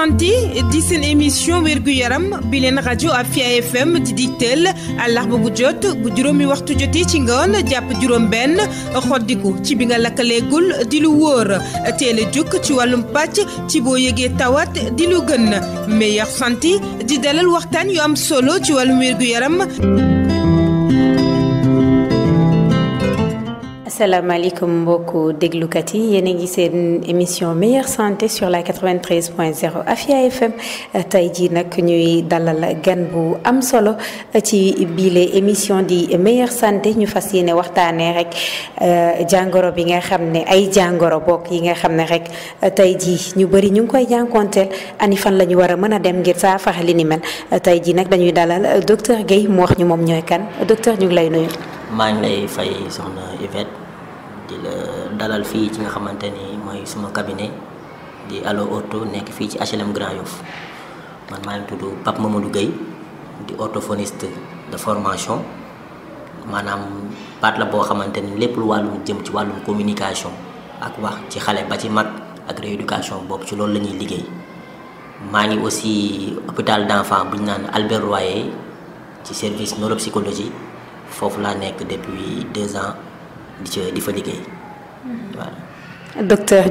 santé di seen émission gu yaram bi leen rajo Afia FM di digteel àllarba bu jot bu juróomi waxtu jotee ci ngoon jàpp juróom-benn xoddiku ci bi nga lakkaleegul di lu wóor teel a jukk ci wàllum pàcc ci boo yëgee tawat di lu gën meilleure santé di dalal waxtaan yu am solo ci wàllum wérgu yaram. salaamaaleykum mbokku déglukat yi yéen a ngi seen émission meilleure santé sur la 93.0 Afia FM tey jii nag ñuy dalal gan bu am solo ci biile émission di meilleure santé ñu fas yéene waxtaanee rek euh, jàngoro bi nga xam ne ay jàngoro bokk yi nga xam ne rek tey jii ñu bëri ñu ngi koy jànkonteel ani fan la ñu war a mën a dem ngir saafara li ni mel tey jii nag dañuy dalal docteur Guèye mu wax ñu moom ñooy kan docteur ñu lay nuyu. dalal fii ci nga xamante ni mooy suma cabinet di Allo Ortho nekk fii ci HLM Grand Yoff man maa ngi tudd Pape Mamadou Gueye di orthophoniste de formation maanaam baat la boo xamante ni lépp lu wàllum jëm ci wàllum communication ak wax ci xale ba ci mag ak rééducation boobu ci loolu la ñuy liggéey maa ngi aussi hôpital d'enfant bu ñu naan Albert Royer ci service neuropsychologie foofu laa nekk depuis deux ans di ca fa liggéey voilà.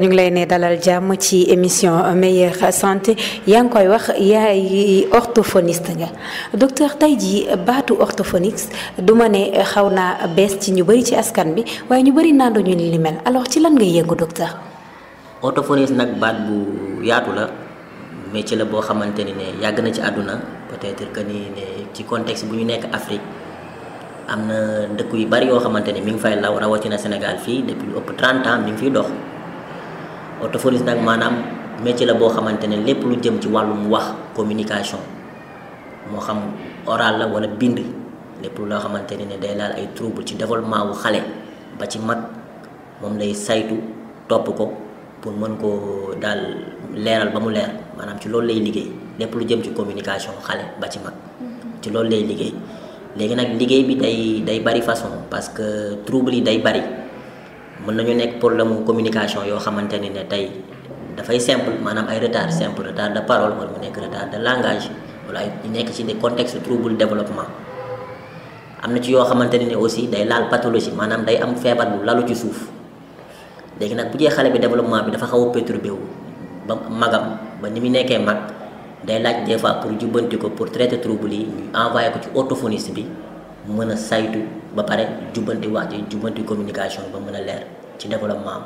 ñu ngi lay ne dalal jàmm ci émission meilleure santé yaa ngi koy wax yaay orthophoniste nga docteur tey jii baatu orthophoniste du ma ne xaw naa bees ci ñu bëri ci askan bi waaye ñu bëri naandoo ñu ni li mel alors ci lan nga yëngu docteur. orthophoniste nag baat bu yaatu la métier la boo xamante ni ne yàgg na ci àdduna peut-être que ni ne ci contexte bu ñu nekk Afrique. am na ndëkk yu bari yoo xamante ni mi ngi fay law rawatina Sénégal fii depuis lu ëpp 30 ans mi ngi fiy dox orthophoniste nag maanaam métier la boo xamante ne lépp lu jëm ci wàllum wax communication moo xam oral la wala bind lépp loo xamante ne day laal ay trouble ci développement wu xale ba ci mag moom lay saytu topp ko pour mën koo daal leeral ba mu leer maanaam ci loolu lay liggéey lépp lu jëm ci communication xale ba ci mag mm-hmm. ci loolu lay liggéey. léegi nag liggéey bi day day bari façon parce que trouble yi day bari mën nañu nekk problème communication yoo xamante ni ne tey dafay simple maanaam ay retard simple retard de parole wala nekk retard de langage wala ay nekk ci des contexte trouble développement am na ci yoo xamante ne ne aussi day laal pathologie maanaam day am feebar bu lalu ci suuf léegi nag bu xale bi développement bi dafa xaw a wu ba magam ba ni mu nekkee mag day laaj des pour jubbanti ko pour traité trouble yi ñu envoyé ko ci orthophoniste bi mën a saytu ba pare jubbanti wax ji jubbanti communication ba mën a leer ci développement am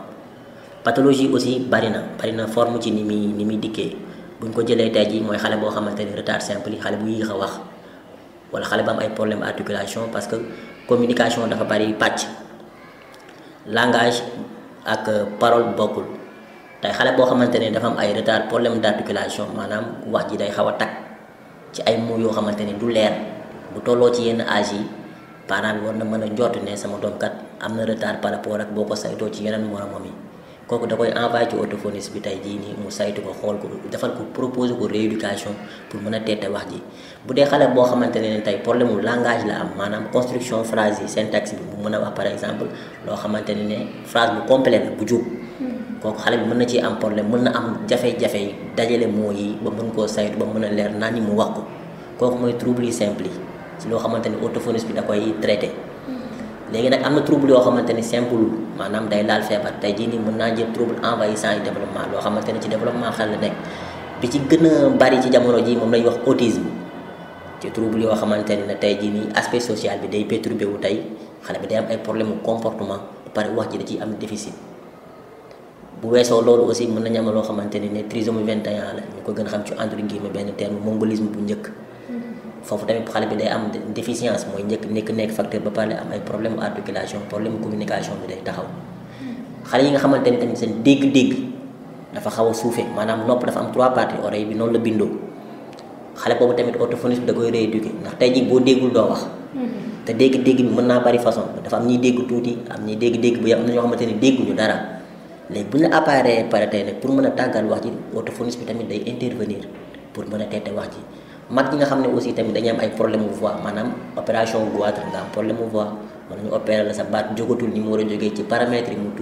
pathologie aussi bari na bari na forme ci ni muy ni muy dikkee buñ ko jëlee tey jii mooy xale boo xamante ni retard simple yi xale bu yéex a wax wala xale ba am ay problème articulation parce que communication dafa bari pàcc langage ak euh, parole bokkul. tey xale boo xamante ne dafa am ay retard problème d'articulation maanaam wax ji day xaw a tag ci ay mots yoo xamante ne du leer bu tolloo ci yenn âge yi parent bi war na mën a njort ne sama doom kat am na retard par rapport ak boo ko saytoo ci yeneen moromam yi kooku da koy envoyé ci orthophoniste bi tey jii nii mu saytu ko xool ko defal ko proposer ko rééducation pour mën a teete wax ji bu dee xale boo xamante ne tey problème mu langage la am maanaam construction phrase yi syntaxe bi mën a wax par exemple loo xamante ne ne phrase bu complet la bu kooku xale bi mën na ci am problème mën na am jafe-jafe yi dajale moo yi ba mën koo saytu ba mën a leer naa ñi mu wax ko kooku mooy trouble yi simple yi si loo xamante ni orthophoniste bi da koy traité hmm. léegi nag am na trouble yoo xamante ni simple maanaam day laal feebar tey jii nii mën naa jël trouble envahissant yi développement loo xamante ni ci développement xel la nekk bi ci gën a bari ci jamono jii moom lañuy wax autisme ci trouble yoo xamante ni ne tey jii nii social bi day perturbé wu tey xale bi day am ay problème mu comportement ba wax ji da ciy am déficit bu weesoo loolu aussi mën nañu am loo xamante ni ne trisomie 21 la ñu ko gën xam ci entre guillemets benn terme mongolisme bu njëkk. Mm-hmm. foofu tamit xale bi day am déficience mooy njëkk nekk nekk facteur ba pare am ay problème articulation problème communication bi day taxaw. Mm-hmm. xale yi nga xamante ni tamit seen dégg-dégg dafa xaw a suufee maanaam nopp dafa am trois parties oreille bi noonu la bindoo xale boobu tamit orthophonisme da koy rééduquer ndax tey jii boo déggul doo wax. Mm-hmm. dégg-dégg bi mën naa bari façon dafa am ñuy dégg tuuti am ñuy dégg-dégg bu yem am na ñoo xamante ni dara. léegi bu ñu la appareil pare tey nag pour mën a tàggal wax ji orthophoniste bi tamit day intervenir pour mën a teete wax ji mag ñi nga xam ne aussi tamit dañu am ay problème mu voix maanaam opération goitre nga am problème mu voix sa baat jógatul ni mu war a jógee ci paramètres yi mu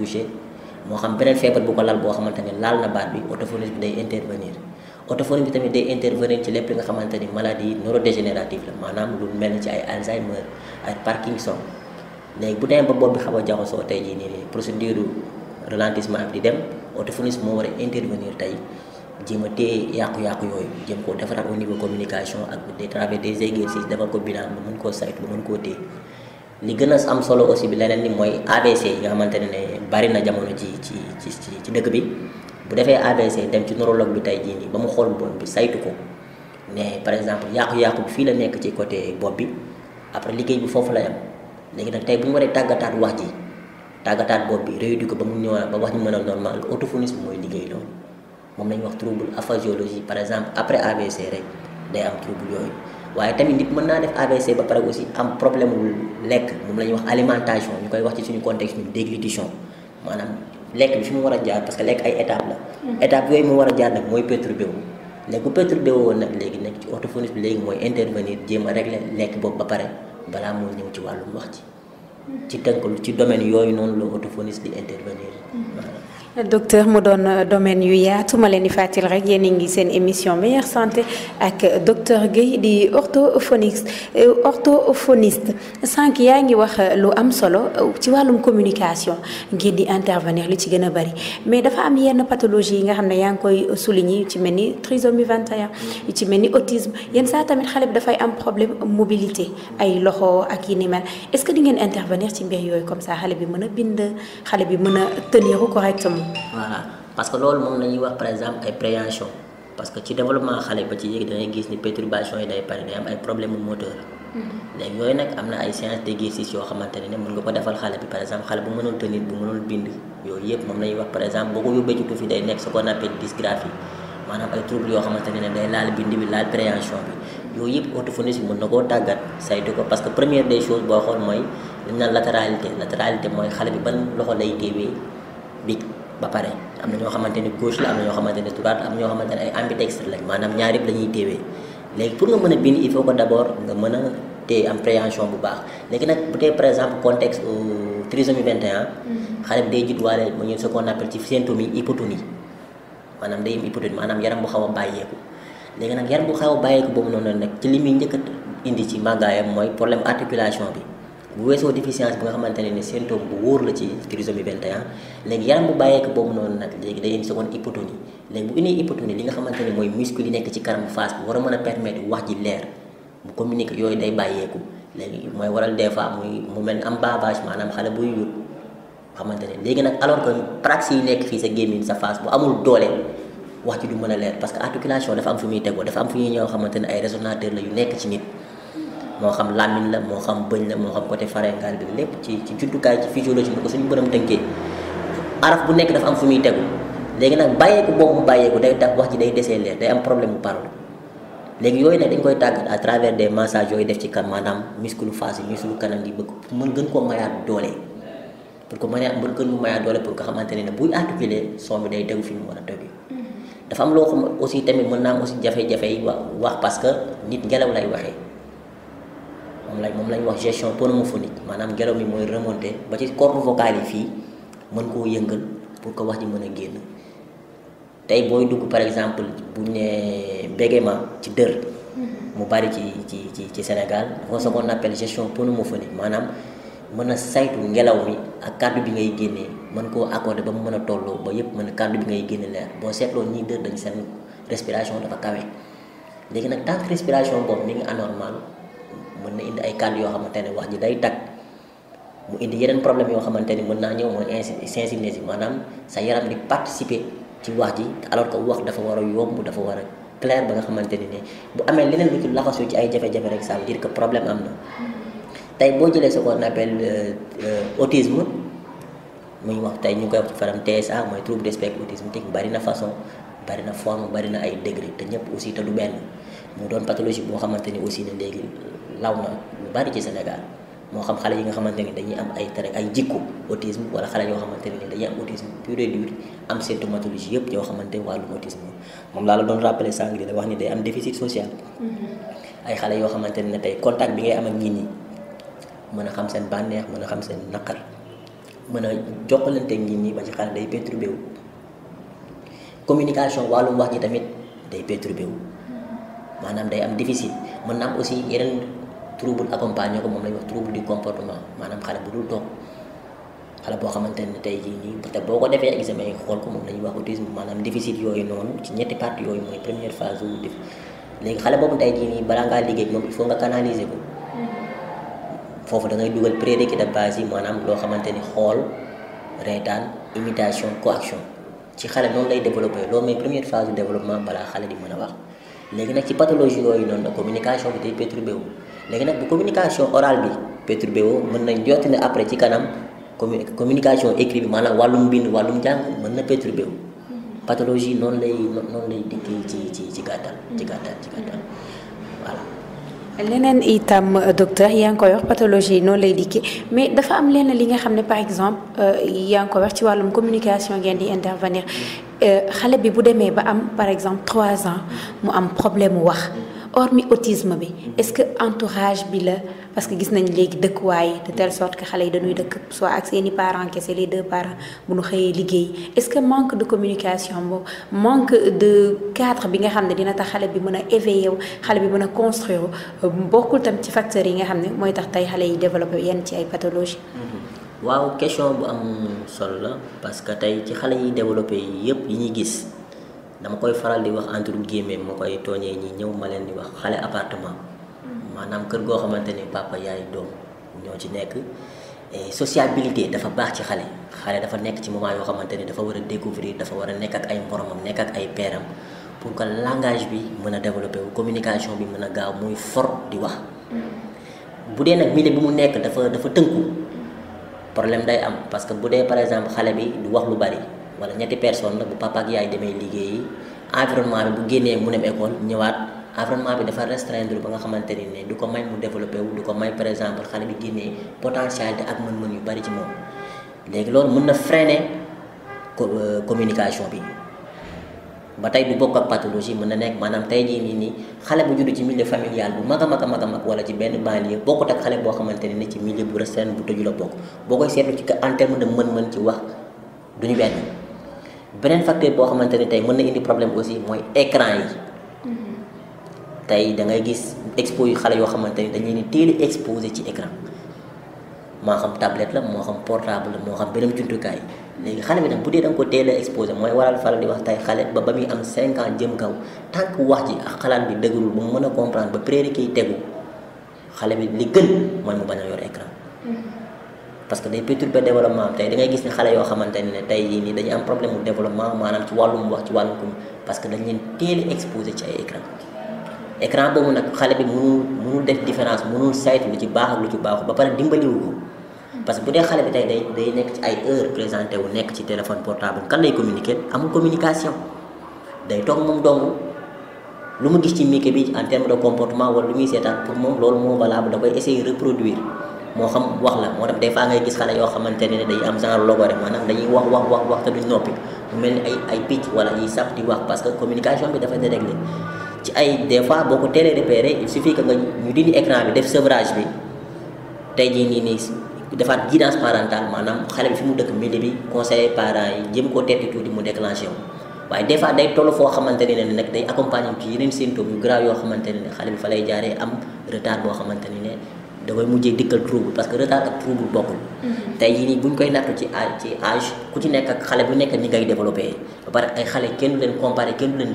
moo xam beneen feebar bu ko lal boo xamante ne laal na baat bi orthophoniste bi day intervenir orthophoniste bi tamit day intervenir ci lépp li nga xamante ni maladie neurodégénérative la maanaam lu mel ni ci ay Alzheimer ay Parkinson léegi bu demee ba bopp bi xaw a jaxasoo tey jii nii procédure ralentissement bi di dem orthophoniste moo war a intervenir tey jéem a téye yàqu-yàqu yooyu jéem koo defaraat au niveau communication ak des travers des exercices defal ko bilan ba mën koo saytu ba mën koo téye gën a am solo aussi bi leneen ni mooy ABC yi nga xamante ne ne barina jamono ji ci ci ci dëkk bi bu defee ABC dem ci neurologue bi tey jii nii ba mu xool bopp bi saytu ko ne par exemple yàqu-yàqu bi fii la nekk ci côté bopp bi après liggéey bi foofu la yam léegi nag tey bu ñu waree tàggataat wax ji. tàggataat bopp bi di ko ba mu ñëwaat ba wax ñu mën a normal autophonisme mooy liggéey loolu moom lañu wax trouble aphasiologie par exemple après ABC rek day am trouble yooyu waaye tamit nit mën naa def ABC ba pare aussi am problème wul lekk moom la ñuy wax alimentation ñu koy wax ci suñu contexte ñu déglutition maanaam lekk bi su mu war a jaar parce que lekk ay étape la mm-hmm. étape yooyu mu war a jaar nag mooy perturbé wu léegi bu perturbé woon nag léegi nag ci orthophoniste bi léegi mooy intervenir jéem a régler lekk boobu ba pare balaa moo ñëw ci wàllum wax ci ci tënk ci domaine yooyu noonu la orthophoniste di intervenir. docteur mu doon euh, domaine yu yaatuma leen di fàttali rek yéen a ngi seen émission meilleure santé ak docteur Guèye di orthophoniste euh, orthophoniste sànq yaa ngi wax euh, lu am solo ci wàllum communication ngir di intervenir li ci gën a bari mais dafa am yenn pathologie yi nga xam ne yaa ngi koy souligner ci mel ni trisomie 21 yu ci mel ni autisme yenn saa tamit xale bi dafay am problème mobilité ay loxo ak yi ni mel est-ce que di ngeen intervenir ci mbir yooyu comme ça xale bi mën a bind xale bi mën a tenir correctement. waa parce que loolu moom la wax par exemple ay préhension parce que ci développement xale ba ci yéeg dangay gis ni perturbation yi day bari day am ay problème mm-hmm. ko defal xale bi par exemple xale bu mënul tenir bu mënul bind yooyu yëpp moom la ñuy wax par exemple boo ko ne day laal bi laal préhension bi yooyu yëpp orthophoniste na koo tàggat saytu ko parce que première des choses boo xool mooy li ñu naan latéralité loxo lay téewee bi ba pare am na ñoo xamante ni gauche la am na ñoo xamante ne droite am ñoo xamante ne ay ambidextre lañ maanaam ñaar yëpp la ñuy léegi pour nga mën a bind il faut que d' nga mën a téye am préhension bu baax léegi nag bu dee par exemple contexte euh, trisomie 21. Mm-hmm. xale bi day judduwaale mu ñu ce qu'on appelle ci symptôme yi maanaam day am hypotonie maanaam yaram bu xaw a bàyyeeku léegi nag yaram bu xaw a bàyyeeku boobu noonu nag ci li muy njëkk a indi màggaayam mooy problème articulation bi. bu weesoo déficience bi nga xamante ne ni symptôme bu wóor la ci trisomie 21 léegi yaram bu bàyyeeku boobu noonu nag léegi day indi seconde hypotonie léegi bu indee hypotonie li nga xamante ne mooy muscle yi nekk ci kanamu face bi war a mën wax ji leer mu yooyu day bàyyeeku léegi mooy waral des fois muy mu mel ni am bavage maanaam xale buy yut xamante ne léegi nag alors que praxe yi nekk fii sa gémmiñ sa face bu amul doole wax ji du mën a leer parce que articulation dafa am fu muy tegoo dafa am fu ñuy ñëw xamante ne ay résonateur la yu nekk ci nit moo xam làmmiñ la moo xam bëñ la moo xam côté faringal bi lépp ci ci juddukaay ci physiologie bi ko suñu borom tënkee araf bu nekk dafa am fu muy tegu léegi nag bàyyeeku boobu mu bàyyeeku day tax wax ji day desee leer am problème bu parole léegi yooyu nag dañ koy tàggat à travers des massages yooyu def ci kan maanaam muscle face yi muscle kanam gi bëgg mën gën koo mayaat doole pour que mën mu mayaat pour nga xamante ne ne buy articuler son bi day tegu fi mu war mm-hmm. am loo xam aussi tamit mën naa am aussi jafe-jafe yi wax parce que nit ngelaw lay waxee moom lañ moom lañ wax gestion pneumophonique maanaam ngelaw mi mooy remonter ba ci cordes vocales fii mën koo yëngal pour ko wax ji mën a génn tey booy dugg par exemple bu buñ ne ma ci dër mhm. mu bari ci ci ci ci Sénégal dafa ce qu'on appelle gestion pneumophonique maanaam mën a saytu ngelaw mi ak kàddu bi ngay génnee mën koo accordé ba mu mën a tolloo ba yëpp mën a kàddu bi ngay génne leer boo seetloo ñii dër dañ seen respiration dafa kawe léegi nag tant respiration boobu mën na indi ay kàddu yoo xamante ne wax ji day tag mu indi yeneen problème yoo xamante ni mën naa ñëw mooy insinué maanaam sa yaram di participer ci wax ji alors que wax dafa war a yomb dafa war a clair ba nga xamante ni ne bu amee leneen lu ci laxasu ci ay jafe-jafe rek ça veut dire que problème am na tey boo jëlee sa qu'on appelle euh, euh, autisme muy wax tey ñu ngi koy wax ci faram TSA mooy trouble de spectre autisme bari na façon bari na forme bari na ay degré ñëpp aussi te du benn mu doon pathologie boo xamante ni aussi ne léegi law na lu bari ci Sénégal moo xam xale yi nga xamante ni dañuy am ay tere ay jikko autisme wala xale yoo xamante ne dañuy am autisme pur et dur am yoo xamante ni wàllum autisme moom laa la doon rappelé sànq di la wax ni day am déficit social. Mm-hmm. ay xale yoo xamante ne tey contact bi ngay am ak nit ñi mën a xam seen bànneex mun a xam seen naqar mën a jokkalante nit ñi ba ci xale day perturbé wu communication wàllum wax ji tamit day perturbé wu. maanaam day am déficit mën na am aussi yeneen trouble accompagné ko moom la ñuy wax trouble du comportement maanaam xale bu dul toog xale boo xamante ni tey jii nii te boo ko defee examen yi xool ko moom la ñuy wax autisme maanaam déficit yooyu noonu ci ñetti parties yooyu mooy première phase wu def léegi xale boobu tey jii nii balaa ngaa liggéey moom il faut nga canaliser ko mm-hmm. foofu da ngay dugal prérequis de base yi maanaam loo xamante ni xool reetaan imitation coaction ci xale noonu lay développé loolu mooy première phase développement balaa xale di mën a wax. léegi nag ci pathologie yooyu noonu la communication bi day perturbé wu léegi nag bu communication orale bi perturbé wu mën nañ jotti ne après ci kanam communication écrit bi maanaam wàllum mbind wàllum jàng mën na perturbé wu pathologie noonu lay noonu lay dikkee ci ci ci gàttal ci gàttal ci gàttal voilà leneen itam docteur yaa ngi koy wax pathologie noonu lay dikkee mais dafa am lenn li nga xam ne par exemple euh, yaa ngi koy wax ci wàllum communication ngeen di intervenir Euh, xale bi bu demee ba am par exemple trois ans mu am problème mu wax hormis autisme bi est-ce que entourage bi la parce que gis nañ léegi dëkkuwaay de telle sorte que xale yi dañuy dëkk soit ak seeni parents kese les deux parents bu ñu xëyee liggéey est-ce que manque de communication boobu manque de cadre bi nga xam ne dina tax xale bi mën a éveiller wu xale bi mën a construire bokkul tam ci facteurs yi nga xam ne mooy tax tey xale yi développer yenn ci ay pathologies. Mm-hmm. waaw question bu am sol la parce que tey ci xale yi développé yëpp yi ñuy gis dama koy faral di wax entre gémme ma koy tooñee ñi ñëw ma leen di wax xale appartement mm. maanaam kër goo xamante ni papa yaay doom ñoo ci nekk et sociabilité dafa baax ci xale xale dafa nekk ci moom moment yoo xamante ni dafa war a découvrir dafa war a nekk ak ay moromam nekk ak ay peeram pour que langage bi mën a développé wu communication bi mën a gaaw muy fort di wax mm. bu dee nag milieu bi mu nekk dafa dafa tënku problème day am parce que bu dee par exemple xale bi du wax lu bari wala ñetti personne la bu papa yaay demee liggéeyi environnement bi bu génnee mu dem école ñëwaat environnement bi dafa restreindre ba nga xamante ni ne du ko may mu développé wu du ko may par exemple xale bi génnee potentialité ak mën-mën yu bari ci moom léegi loolu mën na freiner euh, communication bi. ba tey du bokk ak pathologie mën na nekk maanaam tey jii nii nii xale bu judd ci milieu familial bu mag a mag a mag a mag wala ci benn banlieue bokkut ak xale boo xamante ne ci milieu bu restreint bu tëju la bokk boo koy seetlu ci en terme de wax du ñu beneen facteur boo xamante ne tey mën na indi problème aussi mooy écran yi mm-hmm. tey da ngay gis expo yu xale yoo xamante ni dañu leen teel a exposé ci écran moo xam tablette la moo xam portable la moo xam beneen jumtukaay léegi xale bi nag bu dee da ko teel a exposé mooy waral faral di wax tey xale ba ba muy am 5 ans jëm kaw tant que wax ji ak xalaat bi dëgërul ba mu mën a comprendre ba prérequis yi tegu xale bi li gën mooy mu a yor mm-hmm. parce que day perturber développement am tey da ngay gis ne xale yoo xamante ne tey yii nii dañuy am problème mu maanaam ci wàllum wax ci wàllum parce que dañ leen teel a exposé ci ay écran écran boobu nag xale bi mënul mënul def différence mënul saytu lu ci baax lu ci baaxul ba pare dimbaliwu ko. parce que bu dee xale bi tey day day nekk ci ay heure présenté wu nekk ci téléphone portable kan lay communiquer amul communication day toog moom dong lu mu gis ci mike bi en terme de comportement wala lu muy seetaan pour moom loolu moo valable da koy essayer reproduire moo xam wax la moo tax des fois ngay gis xale yoo xamante ne day am genre logo rek maanaam dañuy wax wax wax wax te duñ noppi mu mel ni ay ay picc wala yiy sax que communication bi dafa déréglé ci ay des fois boo ko teelee repéré il suffit que nga ñu dindi écran bi def bi tey jii nii nii. defaat guidance parentale maanaam xale bi fi mu dëkk mbedd bi conseiller parents yi jéem koo teppi tuuti mu déclenché wu waaye des fois day toll foo xamante ne ne nag day accompagné ci yeneen symptômes yu grave yoo xamante ne xale bi fa lay jaaree am retard boo xamante ne da koy mujjee dikkal trouble parce que retard ak trouble bokkul mhm. tey jii nii koy nattu ci âge ci âge ku ci nekk ak xale bu nekk ni ngay développé ba pare ay xale kenn du leen comparé kenn du leen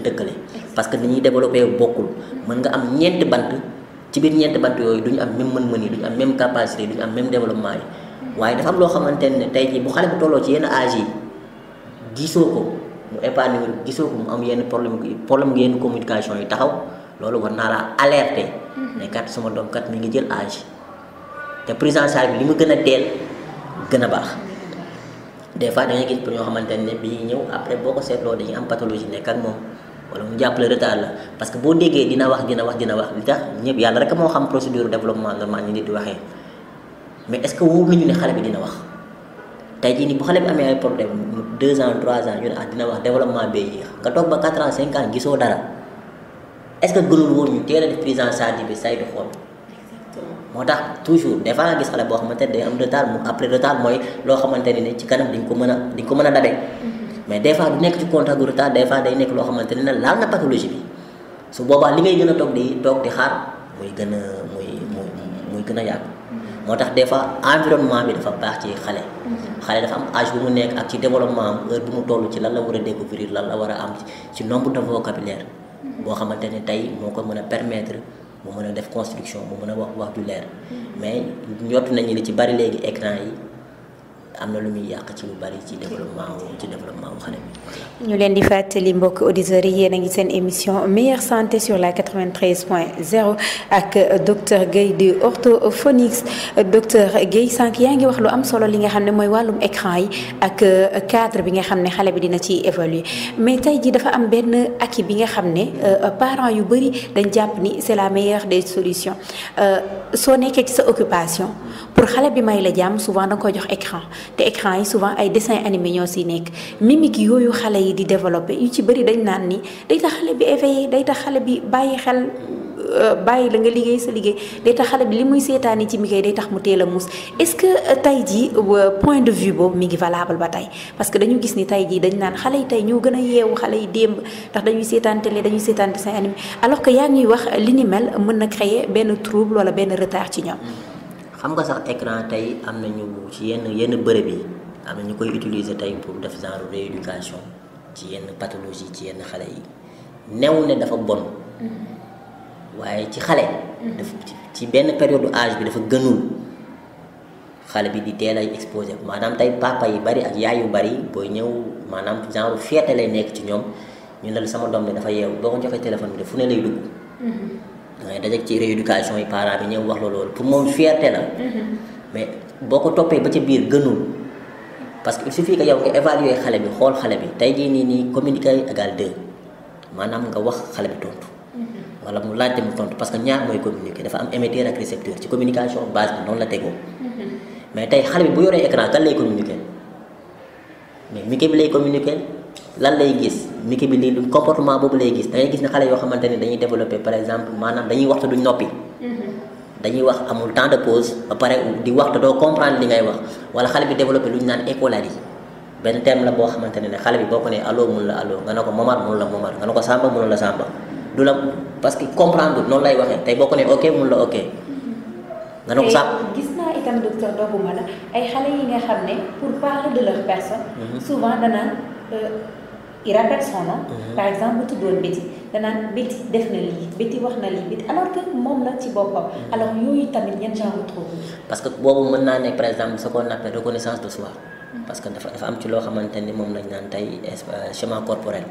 que ni ñuy développé bokkul ci biir ñeenti bant yooyu du am même mën-mën yi du am même capacité yi du ñu am même développement yi waaye dafa am loo xamante ne tey jii bu xale bu tolloo ci yenn âge yi gisoo ko mu épargne gisoo ko mu am yenn problème problème yenn communication yi taxaw loolu war naa laa alerter ne kat sama doom kat mi ngi jël âge te prise bi li mu gën a teel gën a baax des fois da ngay gis pour ñoo xamante ne bii ñëw après boo ko seetloo dañuy am pathologie nekk moom. wala mu jàppale retard la parce que boo déggee dina wax dina wax dina wax li tax ñëpp yàlla rek moo xam procédure développement normal ñu nit di waxee mais est-ce que xale bi dina wax tey jii nii bu xale bi amee ay problème deux ans trois ans ñu ne ah dina wax développement bee yéex nga toog ba quatre ans cinq ans gisoo dara est-ce que gënul woon ñu teel a def prise en charge bi saytu xool moo tax toujours des fois nga gis xale boo xamante ne day am retard mu après retard mooy loo xamante ne ci kanam diñ ko mën a diñ ko mën a dabe mais des fois du nekk ci compte à retard des fois day nekk loo xamante ne laal na pathologie bi su boobaa li ngay gën a toog di toog di xaar muy gën a muy muy gën a yàgg. Mm-hmm. moo tax des fois environnement bi dafa baax ci xale. Mm-hmm. xale dafa am âge bu mu nekk ak ci développement am heure bu mu toll ci lan la war a découvrir lan la war a am ci nombre de vocabulaire. Mm-hmm. boo xamante ne tey moo ko mën a permettre mu mën a def construction mu mën a wax wax du leer. mais njott nañu li ci bari léegi écran yi. am na lu muy yàq ci lu bari ci développement wu ci développement ñu leen di fàttali mbokk auditeurs yi yéen a ngi seen émission meilleure santé sur la 93 point 0 ak docteur Guèye di orthophonix docteur Guèye sànq yaa ngi wax lu am solo li nga xam ne mooy wàllum écran yi ak cadre bi nga xam ne xale bi dina ci évoluer mais tey ji dafa am benn acquis bi nga xam ne euh, parent yu bëri dañ jàpp ni c'est la meilleure des solutions euh, soo nekkee ci sa occupation. pour xale bi may la jàmm souvent da nga koy jox écran te écran yi souvent ay dessins animés ñoo siy nekk mimique yooyu xale yi di développé yu ci bëri dañ naan ni day tax xale bi éveillé day tax xale bi bàyyi xel euh, bàyyi la nga liggéey sa liggéey day tax xale bi li muy seetaani ci mi day tax mu teel a muus est-ce que euh, tey jii euh, point de vue boobu mi ngi valable ba tey parce que dañu gis ni tey jii dañ naan xale yi tey ñoo gën a yeewu xale yi démb ndax dañuy seetaan télé dañuy seetaan dessin animé alors que yaa ngi wax li ni mel mën na créer benn trouble wala benn retard ci ñoom xam nga sax écran tey am na nañu ci yenn yenn bërëb yi am na ñu koy utiliser tey pour def genre rééducation ci yenn pathologie ci yenn xale yi newu ne dafa bon mm-hmm. waaye ci xale mm-hmm. dafa ci benn période âge bi dafa gënul xale bi di teel ay exposé maanaam tey papa yi bari ak yaay yu bari booy ñëw maanaam genre feete lay nekk ci ñoom ñu ne la sama doom bi dafa yeewu boo ko joxee téléphone bi de fu ne lay dugg mm-hmm. ngay dajeg ci rééducation yi parents bi ñëw wax la loolu pour moom fierté la mm-hmm. mais boo ko toppee ba ca biir gënul parce que il fii que yow nga évaluer xale bi xool xale bi tey jii nii nii communiquer égal deux maanaam nga wax xale bi tontu mm-hmm. wala mu laajte mu tontu parce que ñaar mooy communiquer dafa am émetteur ak récepteur ci communication base bi noonu la tegoo mm-hmm. mais tey xale bi bu yoree écran kan lay communiquer mais mi bi lay communiquer lan lay gis miki bi lii du comportement boobu lay gis da ngay gis ne xale yoo xamante ni dañuy développé par exemple maanaam dañuy waxtu duñ noppi mm-hmm. dañuy wax amul temps de pause ba pare di waxtu doo comprendre li ngay wax wala xale bi développé lu ñu naan écolalie benn terme la boo xamante ne ne xale bi boo ko ne allo mun la allo nga ne ko momar mun la momar nga ne ko samba mun la samba du la parce que comprendre noonu lay waxee tey boo ko ne ok mun la ok mm-hmm. nga ne ko sàmm irabet soxna mhm. par exemple bu tuddoon béti danaan def na lii béti wax na lii béti alors que moom la ci boppam mhm. alors yooyu tamit yan genre trouble parce que boobu mën naa ne par exemple ce qu'on appelle reconnaissance de soi mhm. parce que dafa dafa am ci loo xamante ni moom lañ naan tey euh, chemin corporel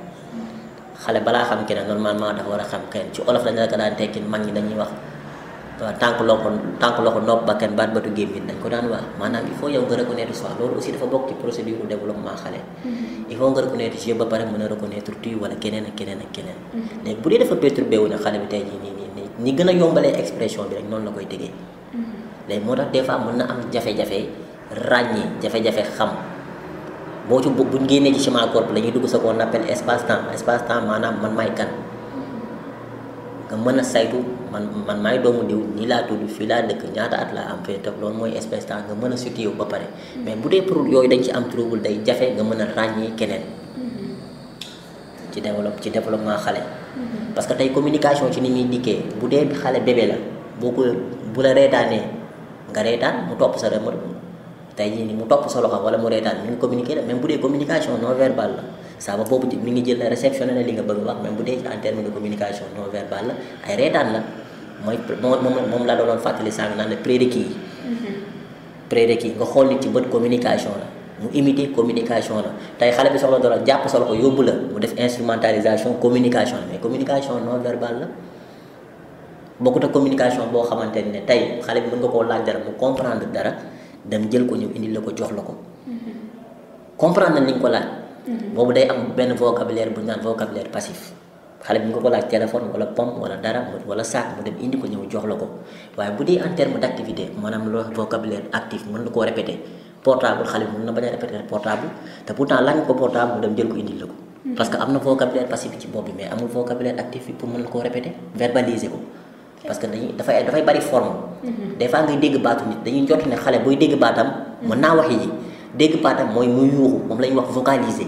xale balaa xam keneen normalement dafa war a xam keneen ci olof dañ la ko daan tekki mag ñi dañuy wax waaw tànk loxo tànk loxo nopp bakkan baat batu gémmiñ dañ ko daan wax maanaam il faut yow nga reconnaître soi loolu aussi dafa bokk ci procédure de développement xale mhm. il faut nga reconnaître si ba a reconnaître tuy keneen ak keneen ak keneen mhm. léegi bu dee dafa perturbé wu xale bi tey jii nii nii nii ni gën a yombalee expression bi rek noonu la koy mhm. moo tax des fois mën na am jafe-jafe ràññee jafe-jafe xam boo ci buñ génnee ci chemin corps la ñuy dugg sa ko on appelle espace temps espace temps maanaam man nga mën a saytu man man maay doomu diw nii laa tudd fii laa dëkk ñaata at laa am fee te loolu mooy espèce temps nga mën a situé ba pare mm-hmm. mais bu dee pour yooyu dañ ci am trouble day jafe nga mën a ràññee keneen mm-hmm. ci développe ci développement xale mm-hmm. parce que tey communication ci ni muy dikkee bu dee xale bébé la boo ko bu la reetaanee nga reetaan mu topp sa remote tey jii ni mu topp sa loxo wala mu reetaan mu ngi communication non verbale la ça va boobu mi ngi jël réceptionné na li nga bëgg wax même bu dee en terme de communication non verbale la ay reetaan la mooy moom moom laa doon fàttali sànq naan la prérequis yi. Mm-hmm. prérequis nga xool nit ci bët communication la mu imiter communication la tey xale bi soxla dara jàpp solo ko yóbbu la mu def instrumentalisation communication la mais communication non verbale la. bokkut ak communication boo xamante ne tey xale bi mën nga koo laaj dara mu comprendre dara dem jël ko ñëw indil la ko jox la ko. Mm-hmm. comprendre na ko laaj. Mhm. boobu day am benn vocabulaire bu ñu naan passif xale bi nga ko laaj téléphone wala pomme wala dara wala saak mu dem indi ko ñëw jox la ko waaye bu dee en terme d' activité maanaam lo vocabulaire a répété mu jël ko indil la ko. Mhm. parce am na vocabulaire passif ci bopp bi mais amul vocabulaire actif pour mën na koo répété verbaliser ko. parce dafay dafay bari forme. Mhm. des fois ngay dégg baatu nit dañuy jot ne xale buy dégg baatam. mën naa wax yi. dégg paatam mooy mu yuuxu moom la ñuy wax vocaliser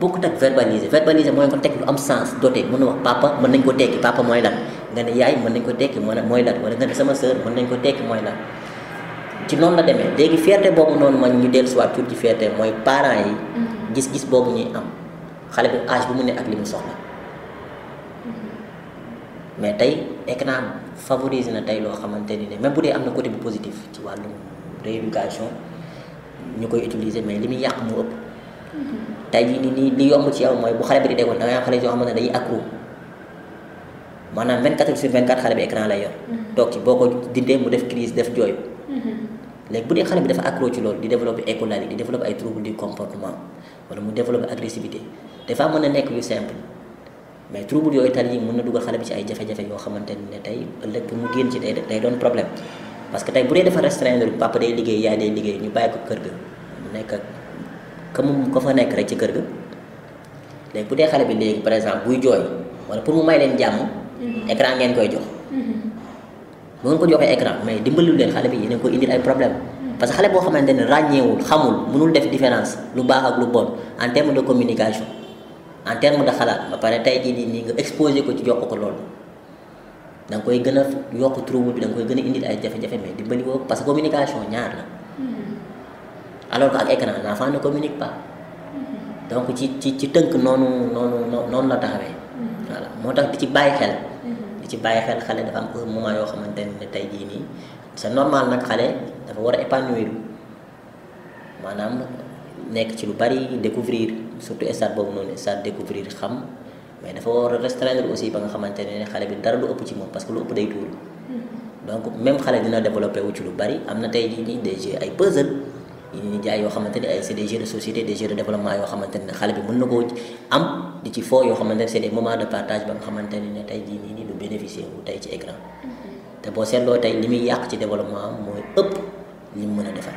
bokkut ak verbaliser verbaliser mooy nga teg lu am sens doté mën na wax papa mën nañ ko tekki papa mooy lan nga ne yaay mën nañ ko tekki mooy lan wala nga ne sama sœur nañ ko tekki mooy lan ci noonu la demee léegi fierté boobu noonu man ñu dellusiwaat tuuti ci fierté mooy parents yi mm-hmm. gis-gis boobu ñuy am xale bi âge bu mu ne ak li mu soxla mm-hmm. mais tey écran favorise na tey loo xamante ni ne même bu dee am na côté bu positif ci wàllu rééducation ñu koy utiliser mais li muy yàq moo ëpp tey jii nii nii li yomb ci yaw mooy bu xale bi di déggoon da ngay am xale yoo xamante ne dañuy accro maanaam 24 sur 24 xale bi yor mm-hmm. toog ci boo ko dindee def crise def jooy mm-hmm. léegi bu dee xale bi dafa accro loolu di développer écolalie di développer ay trouble comportement wala mu développer agressivité dafa mën a nekk yu simple mais trouble yooyu tal yi mën na dugal xale bi ci ay jafe-jafe yoo xamante ne tey ëllëg pour mu génn ci day day doon problème parce que tey bu dee dafa restreindre papa day liggéey yaay day liggéey ñu bàyyi ko kër ga nekk ak mu ko fa nekk rek ci kër ga léegi bu dee xale bi léegi par exemple buy jooy wala pour mu may leen jàmm mhm. écran ngeen koy jox bu mhm. ngeen ko joxee écran mais dimbalu leen xale bi yéen ko indil ay problème mhm. parce que xale boo xamante ne ràññeewul xamul mënul def différence lu baax ak lu bon en terme de communication en terme de xalaat ba pare tey jii nii nga exposé ko ci jox ko loolu danga koy gën a yokk trouble bi da koy gën a indil ay jafe-jafe mais dimbali ko parce que communication ñaar la hmm. alors que ak écran l'enfant ne communique pas hmm. donc ci ci ci tënk noonu noonu noonu la taxawee hmm. voilà moo tax di ci bàyyi xel di ci bàyyi xel xale dafa am un moment yoo xamante ne tey jii nii sa normal nag xale dafa war a épanouir maanaam nekk ci lu bari découvrir surtout stade boobu noonu stade découvrir xam mais dafa war a restreindre aussi ba nga xamante ne xale bi dara du ëpp ci moom parce que lu ëpp day tuuru donc même xale dina développé wu ci lu bari am na tey jii nii des jeux ay puzzle yi ñuy jaay yoo xamante ne ay c'est société des jeux de développement yoo xamante ne xale bi mën na koo am di ci foo yoo xamante ne c'est des moments de partage ba nga xamante ne tey jii nii nii du bénéficier wu ci écran te boo seetloo tey li muy yàq ci développement mooy ëpp li mu mën a defar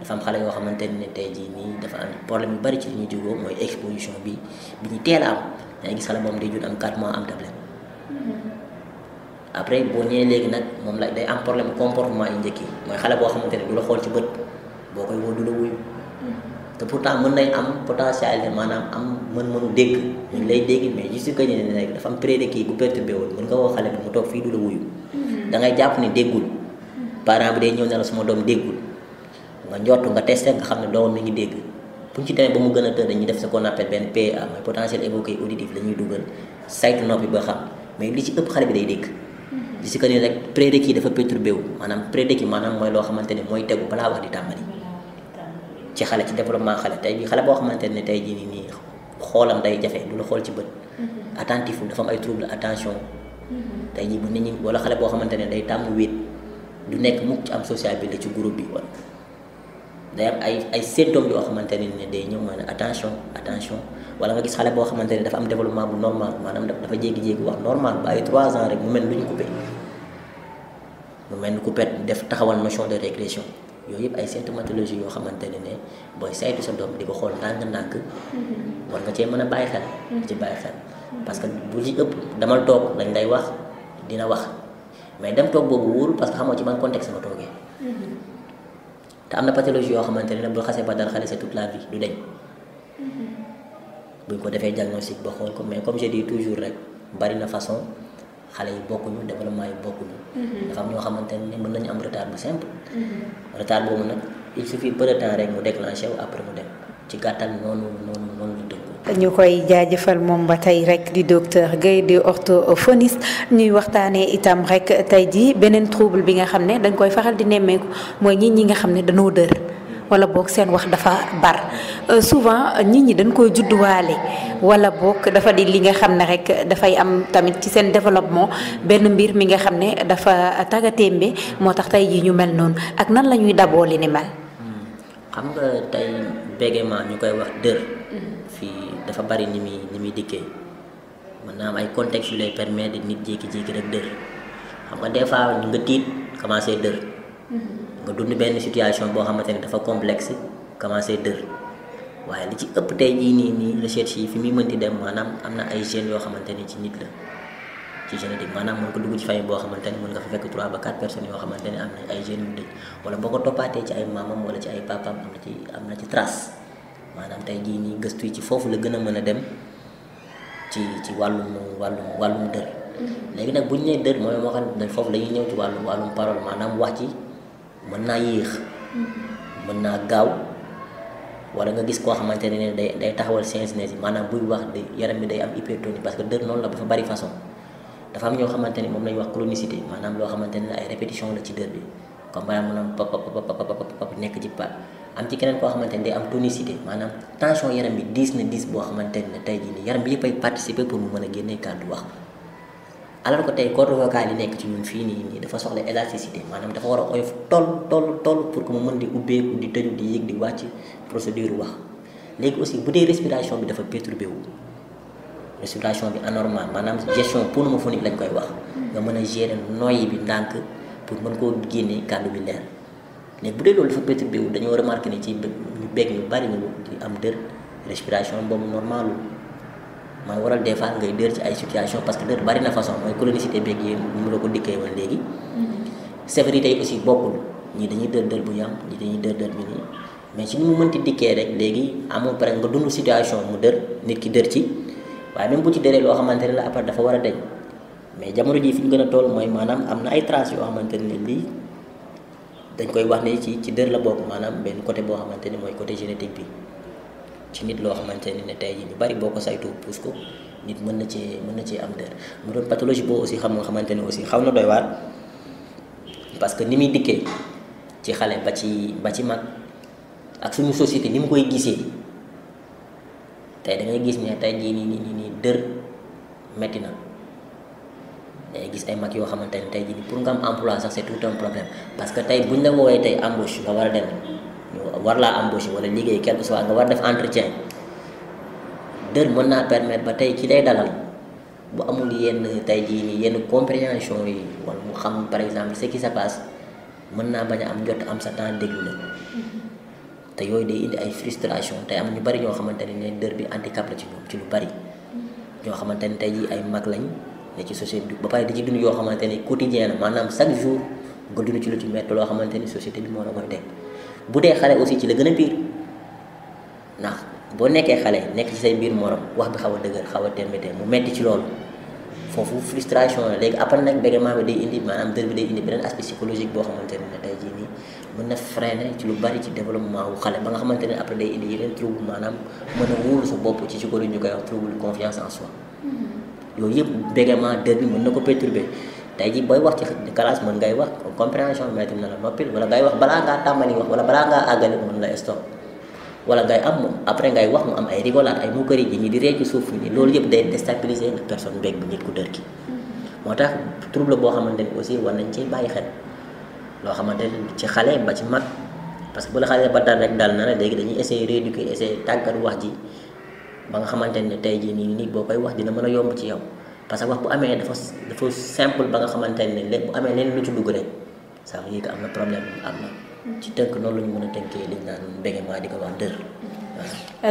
dafa am xale yoo xamante ne tey jii nii dafa am problème yu bari ci li mooy exposition bi bi ñu teel a am. da ngay gis xale moom day judd am 4 am tablette après boo ñëwee léegi nag moom la day am problème comportement yu njëkk yi mooy xale boo xamante ne du la xool ci bët boo koy woo du la wuyu mm. te pourtant mën nay am potentiel maanaam am mën-mënu dégg ñu lay dégg mais juste que ñu ne rek dafa am prérequis bu perturbé woon mën nga woo xale bi mu toog fii du la wuyu mm-hmm. da ngay jàpp ni déggul mm. parent bi day ñëw ne la suma doom déggul nga njott nga testé xam ne doomam mi ngi dégg. pour ñu ci demee ba mu gën a tëdd dañuy def ce qu'on appelle benn PEA mooy potentiel évoqué auditif la ñuy dugal noppi ba xam mais li ci ëpp xale bi day dégg. li si que ni rek prérequis dafa perturbé wu maanaam prérequis maanaam mooy loo xamante ne mooy tegu balaa wax di tàmbali. ci xale ci développement xale tey bi xale boo xamante ne tey jii nii xoolam day jafe du la xool ci bët. Mm-hmm. attentif dafa am ay trouble attention. Mm-hmm. tey jii bu nit ñi wala xale boo xamante ne day tàmm wéet du nekk mukk ci am sociabilité ci groupe bi wala. day am ay ay symptômes yoo xamante ne day ñëw ne attention attention wala nga gis xale boo xamante ne dafa am développement bu normal maanaam dafa jékki-jékki wax normal ba ay 3 ans rek mu mel ni lu mel ni coupé def taxawal notion de régression yooyu yëpp ay symptomatologie yoo xamante ne ne booy saytu sa doom di ko xool ndànk-ndànk war nga cee mën a bàyyi xel. ci bàyyi xel parce que bu ci ëpp damal toog dañ lay wax dina wax mais dem toog boobu wóorul parce ci ban contexte nga toogee. am na pathologie yoo xamante ne bu xasee ba dal xale c'est toute la vie du deñ mm-hmm. buñ ko defee diagnostic ba xool ko mais comme je dis toujours rek bari na façon xale yi bokkuñu développement yi bokkuñu. Mm-hmm. dafa am ñoo xamante ne mun nañu am retard bu simple. Mm-hmm. retard boobu nag il suffit fi de temps rek mu déclenché wu après mu dem ci gàttal noonu noonu noonu la ñu koy jaajëfal moom ba tey rekk di docteur Guèye di orthophoniste ñuy waxtaanee itam rek tey jii beneen trouble bi nga xam ne dañ koy faral di nemmeeku mooy nit ñi nga xam ne dañoo dër wala boog seen wax dafa bar euh, souvent nit ñi dañ koy judduwaale wala boog dafa di li nga xam ne rek dafay am tamit ci seen développement benn mbir mi nga xam ne dafa bi moo tax tey jii ñu mel noonu ak nan la ñuy daboo li ni mel. Hmm. xam nga tey bégement ñu koy wax dafa bari ni muy ni muy dikkee mën naa am ay contexte yu lay permettre nit jékki-jékki rek dër xam nga des fois nga tiit commencé dër mm-hmm. nga dund benn situation boo xamante ne dafa complexe commencé dër waaye li ci ëpp tey jii nii nii recherche yi fi muy mënti dem maanaam am na ay jeunes yoo xamante ni ci nit la ci génétique maanaam mën ko dugg ci famille boo xamante ni mën nga fekk 3 ba 4 personnes yoo xamante am na ay jeunes yu dëj wala boo ko toppaatee ci ay maamam wala ci ay papam am na am na ci trace maanaam tey jii nii gëstu yi ci foofu la gën a mën a dem ci ci wàllum wàllum wàllum dër léegi nag bu ñu nee dër mooy moo xam ne foofu la ñuy ñëw ci wàllum wàllum parole maanaam wax ci mën naa yéex mën naa gaaw wala nga gis koo xamante ne day day taxawal science ne si maanaam buy wax de yaram bi day am hypertonie parce que dër noonu la dafa bari façon dafa am ñoo xamante ne moom la ñuy wax chronicité maanaam loo xamante ne ay répétition la ci dër bi comme maanaam pop pop pop nekk ci pat am ci keneen koo xamante ne day am tonicité maanaam tension yaram bi diis na diis boo xamante ne tey jii nii yaram bi yëpp ay participer pour mu mën a génne kàddu wax alors que tey corde vocale yi nekk ci ñun fii nii nii dafa soxla élasticité maanaam dafa war a oyof toll toll toll pour que mu mën di ubbeeku di tëju di yéeg di wàcc procédure wax léegi aussi bu dee respiration bi dafa perturbé wu respiration bi anormal maanaam gestion pneumophonique lañ koy wax nga mën a gérer noyyi bi ndànk pour mën koo génne kàddu bi leer mais bu dee loolu dafa perturbé wu dañoo remarqué ne ci ñu beeg ñu bari ñu am dër respiration boobu normalu mooy waral des fois ngay dër ci ay situation parce que dër bari na façon mooy colonicité beeg yi mu la ko dikkee woon léegi mm-hmm. sévérité yi aussi bokkul ñii dañuy dër dër bu yam ñii dañuy dër dër bi nii mais ci ñu mu mënti dikkee rek léegi amoo pare nga dund situation mu dër nit ki dër ci waaye même bu ci dëree loo xamante ne la après dafa war a mais jamono jii fi gën a toll mooy maanaam am ay traces yoo xamante ne lii dañ koy wax ni ci ci dër la bokk maanaam benn côté boo xamante ni mooy côté génétique bi ci nit loo xamante ni ne tey jii ñu bari boo ko saytu puus ko nit mën na cee mën na cee am dër mu doon pathologie boo aussi xam nga xamante ni aussi xaw na doy waar parce que ni muy dikkee ci xale ba ci ba ci mag ak suñu société ni mu koy gisee tey da gis ne tey jii nii nii nii dër metti na. day eh, gis ay mag yoo xamante ne tey jii pour nga am emploi sax c'est tout un problème parce que tey buñ la woowee tey embauche nga war a dem war laa embauche wala liggéey quelque soit nga war def entretien dër mën naa permettre ba tey ci day dalal bu amul yenn tey jii nii yenn compréhension yi wala mu xam par exemple ce qui se passe mën naa bañ a am jot am sa temps déglu la mm-hmm. te yooyu de indi ay frustration te am ñu bari ñoo xamante ne dër bi handicap la ci ñoom ci lu bari mm-hmm. xamante ne tey jii ay mag lañ. ne ci société bi ba pare di ci dund yoo xamante ni quotidien la maanaam chaque jour nga dund ci lu ci métti loo xamante ni société bi moo la koy teg bu dee xale aussi ci la gën a biir ndax boo nekkee xale nekk ci say mbir morom wax bi xaw a dëgër xaw a tembete mu metti ci loolu foofu frustration la léegi après nag bégement bi day indi maanaam dër bi day indi beneen aspect psychologique boo xamante ne tey jii nii mën na freiner ci lu bari ci développement wu xale ba nga xamante ne après day indi yeneen trouble maanaam mën a wóolu sa bopp ci ci ko ñu koy yooyu yëpp bégement dër bi mën na ko perturber tey ji booy wax ci classe mën ngay wax compréhension maître na la noppil wala ngay wax balaa ngaa tàmbali wax wala balaa ngaa àggali mën la stop wala ngay am moom après ngay wax mu am ay rigolade ay mukkari ji ñi di ree ci suuf ñi loolu yëpp day déstabiliser la personne beeg bi nit ku dër ki moo tax trouble boo xamante ni aussi war nañ ci bàyyi xel loo xamante ni ci xale ba ci mag parce que bu la xale ba na léegi dañuy essayer rééduquer essayer wax ji ba nga xamante ne tey jii nii nit boo koy wax dina mën a yomb ci yow parce que wax bu amee dafa dafa simple ba nga xamante ne lépp bu amee leen lu ci dugg rek saa veut dire que am na problème am na mm. ci tënk noonu la mën a tënkee liñ naan mbége maa di ko wax dër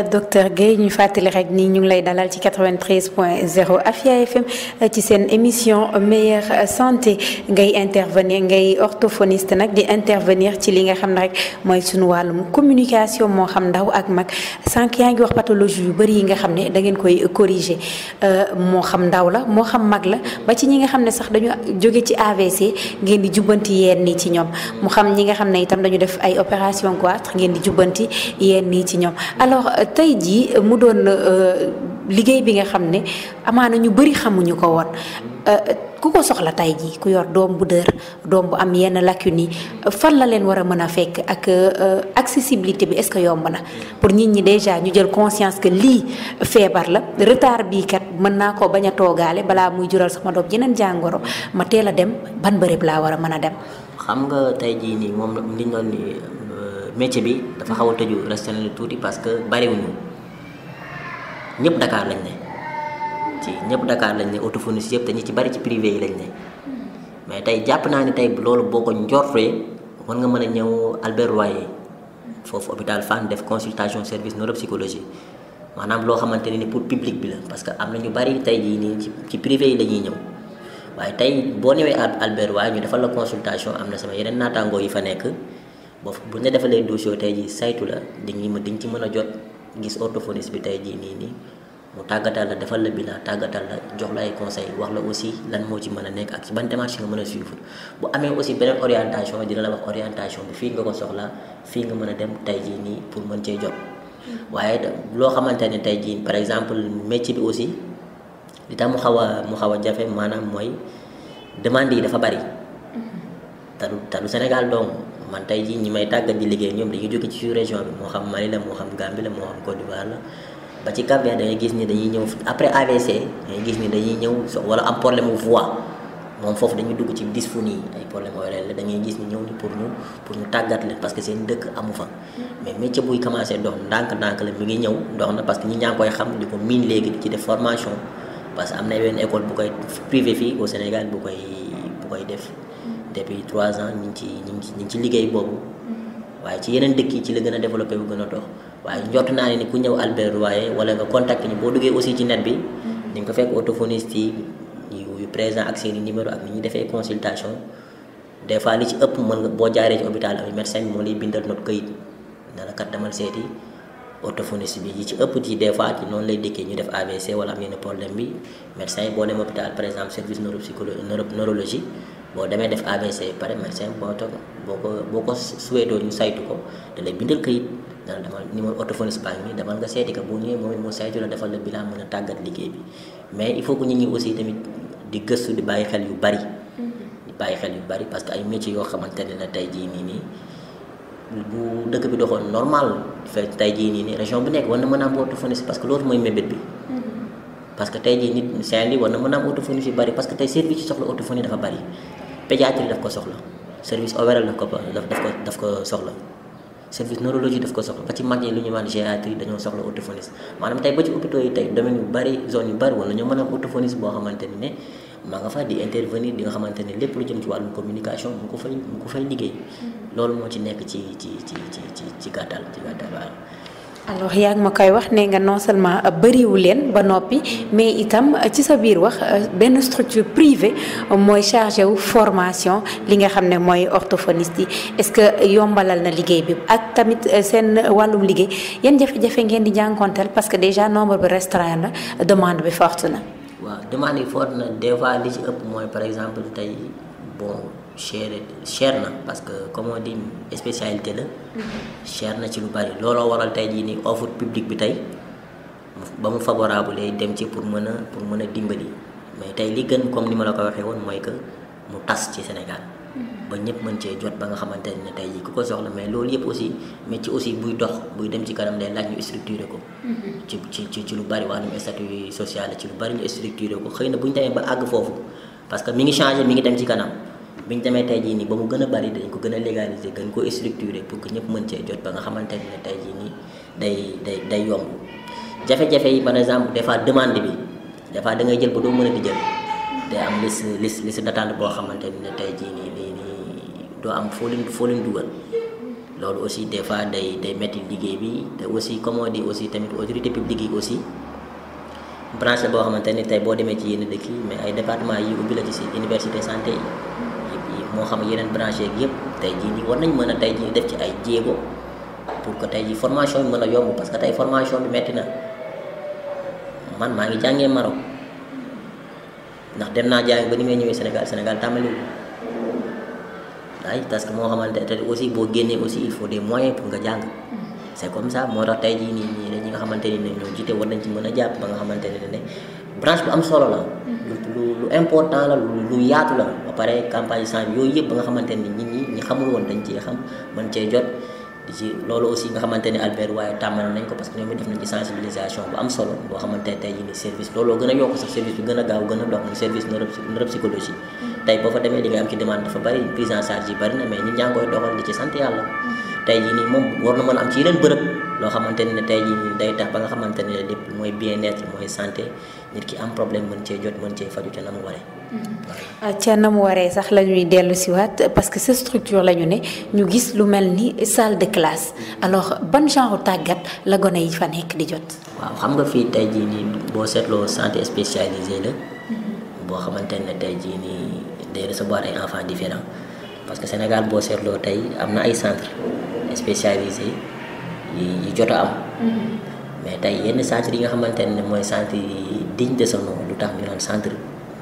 docteur Guèye ñu fàttali rek nii ñu ngi lay dalal ci 93 point 0 Afia FM ci seen émission meilleure santé ngay intervenir ngay orthophoniste nag di intervenir ci li nga xam ne rek mooy suñu wàllum communication moo xam ndaw ak mag sànq yaa ngi wax pathologie yu bëri yi nga xam ne da ngeen koy corriger euh, moo xam ndaw la moo xam mag la ba ci ñi nga xam ne sax dañu jóge ci AVC ngeen di jubbanti yenn nii ci ñoom mu xam ñi nga xam ne itam dañu def ay opération goitre ngeen di jubbanti yenn nii ci ñoom tey jii mu doon euh, liggéey bi nga xam ne amaana ñu bëri xamuñu ko woon euh, ku ko soxla tey jii ku yor doom bu dër doom bu am yenn lacune yi fan la leen war a mën a fekk ak euh, accessibilité bi est-ce que yomb na pour nit ñi déjà ñu jël conscience que lii feebar la retard bii kat mën naa ko bañ a toogaale balaa muy jural sama doom jeneen jàngoro ma teel a dem ban bërëb laa war a mën a dem. xam nga tey jii nii moom li ñu doon métier bi dafa xaw a tëju restaurant tuuti parce que bariwuñu ñëpp Dakar lañ ne ci ñëpp Dakar lañ ne autophonistes yëpp te ñi ci bari ci privé yi lañ ne mais tey jàpp naa ne tey loolu boo ko njortee war nga mën a ñëw Albert Royer foofu hôpital Fann def consultation service neuropsychologie maanaam loo xamante ne ni pour public bi la parce que am na ñu bari tey jii nii ci privé yi la ñuy ñëw waaye tey boo ñëwee Albert Royer ñu defal la consultation am na sama yeneen naataangoo yi fa nekk. boo bu ñu defalee dossier tey jii saytu la di dañuy ma nga ci mën a jot gis orthophoniste bi tey jii nii nii mu tàggatal la defal la bilan tàggatal la jox la ay conseil wax la aussi lan moo ci mën a nekk ak ban démarche nga mën a suivre bu amee aussi beneen orientation dina la wax orientation bi fii nga ko soxla fii nga mën a dem tey ji nii pour mën cee jot waaye loo xamante ne tey jii par exemple mu métier bi aussi li tax mu xaw a mu xaw a jafe maanaam mooy demande yi dafa bari mm-hmm. te du Sénégal dong man tey jii ñi may tàggat di liggéey ñoom dañuy jóge ci sous région bi moo xam Mali la moo xam Gambie la moo xam Côte d'Ivoire la ba ci Cap Vert gis ni dañuy ñëw après AVC gis ni dañuy ñëw wala am problème mu voix moom foofu dañuy dugg ci dysphonie ay problème yooyu la dañuy gis ni ñëw ni pour ñu pour ñu tàggat leen parce que seen dëkk amu fa mais métier buy commencé dox ndànk-ndànk la mi ngi ñëw dox na parce que ñi ñaa ngi koy xam di ko miin léegi di ci def formation parce que am na benn école bu koy privé fii au Sénégal bu koy bu koy def depuis trois ans ñu ngi ci ñu ci liggéey boobu waaye ci yeneen dëkk yi ci la gën a développé bu gën a dox waaye njort naa ne ni ku ñëw Albert Royer wala nga contact ñu boo duggee aussi ci net bi di nga ko fekk autophoniste yi yu présent seen numéro ak ni ñuy defee consultation des fois li ci ëpp mën nga boo jaaree ci hôpital am médecin bi moo lay bindal not këyit dana kat demal seeti orthophoniste bi ci ëpp ci des fois ci noonu lay dikkee ñu def AVC wala am yenn problème bi médecin boo dem hôpital par exemple service neuropsychologie boo demee def ABC pare médecin boo toog boo ko boo ko suweetoo ñu saytu ko da lay bindal kayit dana demal numéro orthophoniste baa ngi nii demal nga seeti ko boo ñëwee moom it mu saytu la defal la bilan mën a tàggat liggéey bi mais il faut que nit ñi aussi tamit di gëstu di bàyyi xel yu bari. Mm-hmm. di bàyyi xel yu bari parce que ay métiers yoo xamante ne na tey jii nii nii bu dëkk bi doxoon normal fekk tey jii nii nii région bu nekk war na mën a am orthophoniste parce que loolu mooy mébét bi. Mm-hmm. parce que tey jii parce que tey service yi soxla orthophonie dafa pédiatrie daf ko soxla service ORL daf ko daf ko daf ko soxla service neurologie daf ko soxla ba ci mag ñi lu ñu naan gériatrie dañoo soxla orthophoniste maanaam tey ba ci hôpitaux yi tey domaine yu bari yu bari wala ñu mën a orthophoniste boo xamante ne maa nga fa di intervenir di nga xamante ne lépp lu jëm ci wàllu communication mu ko fay mu ko fay liggéey mm-hmm. loolu moo ci nekk ci ci ci ci ci gàttal ci gàttal waaw alors yaa ngi ma koy wax nee nga non seulement euh, bëriwu leen ba noppi mais itam euh, ci sa biir wax euh, benn structure privée mooy chargé wu formation li nga xam ne mooy orthophoniste yi est-ce que yombalal na liggéey bi ak tamit seen wàllum liggéey yan jafe-jafe ngeen di jànkonteel parce que déjà nombre bi restreint na demande bi forte na. waaw demande yi forte na des li ci ëpp mooy par exemple tey bon. cher cher na parce que comme on dit spécialité la. cher na ci lu bari looloo waral tey jii nii offre publique bi tey ba mu favorable dem ci pour mën a pour mën a dimbali mais tey li gën comme ni ma la ko waxee woon mooy que mu tas ci Sénégal. ba ñëpp mën cee jot ba nga xamante ne tey jii ku ko soxla mais loolu yëpp aussi mais ci aussi buy dox buy dem ci kanam day laaj ñu structuré ko. ci ci ci lu bari wàllum statut social ci lu bari ñu structuré ko xëy na bu demee ba àgg foofu parce que mi ngi changé mi ngi dem ci kanam. bi ñu demee tey jii nii ba mu gën a bari dañ ko gën a légaliser gën ko structuré pour que ñëpp mën cee jot ba nga xamante ne tey jii nii day day day yomb jafe-jafe yi par exemple des demande bi des fois jël ba doo mën a di jël day am liste liste liste d'attente boo xamante ne tey jii nii nii nii doo am foo leen foo leen dugal loolu aussi des fois day day metti liggéey bi te aussi comme aussi tamit autorité publique aussi branche boo xamante ne tey boo demee ci yenn dëkk yi mais ay département la ci si moo xam yeneen branche yeeg yëpp tey jii nii war nañ mën a tey jii def ci ay jéego pour que tey jii formation bi mën a yomb parce que tey formation bi metti na man maa ngi jàngee Maroc ndax dem naa jàng ba ni may ñëwee Sénégal Sénégal tàmbaliwul ay parce que moo xamante te aussi boo génnee aussi il faut des moyens pour nga jàng c'est comme ça moo tax tey jii nii ñi nga xamante ni ñoo jiite war nañ ci mën a jàpp ba nga xamante ne ne branche bu am solo la. important la lu yaatu la ba pare campagne sang bi yooyu yëpp ba nga xamante ni nga xamante ni Albert waaye tàmmal nañ ko sensibilisation bu am solo boo xamante ne tey jii nii service looloo gën a yokk sax service bi gën a gaaw gën a dox muy service neuropsychologie mm. tey boo fa demee li nga am ci demande dafa bëri prise en charge yi bëri na mais nit ñaa ngi doxal di ci sant yàlla mm. tey jii nii moom war na mën am ci yeneen bërëb loo xamante ne tey jii day tax ba nga xamante ne lépp mooy bien-être mooy santé nit ki am problème mën cee jot mën cee faju ca na mu waree. Mm-hmm. Ah, ca na mu waree sax la ñuy dellu si waat parce que sa structure la ñu ne ñu gis lu mel ni salle de classe alors ban genre tàggat la gone yi fa nekk di jot. waaw xam nga fii tey jii nii boo seetloo santé spécialisée la. Mm-hmm. boo xamante ne tey jii nii day recevoir ay enfants différents parce que Sénégal boo seetloo tey am na ay centres spécialisés. yi yi jot am. Mm-hmm. mais tey yenn centre yi nga xamante ne mooy centre yi digne de son nom lu tax ñu naan centre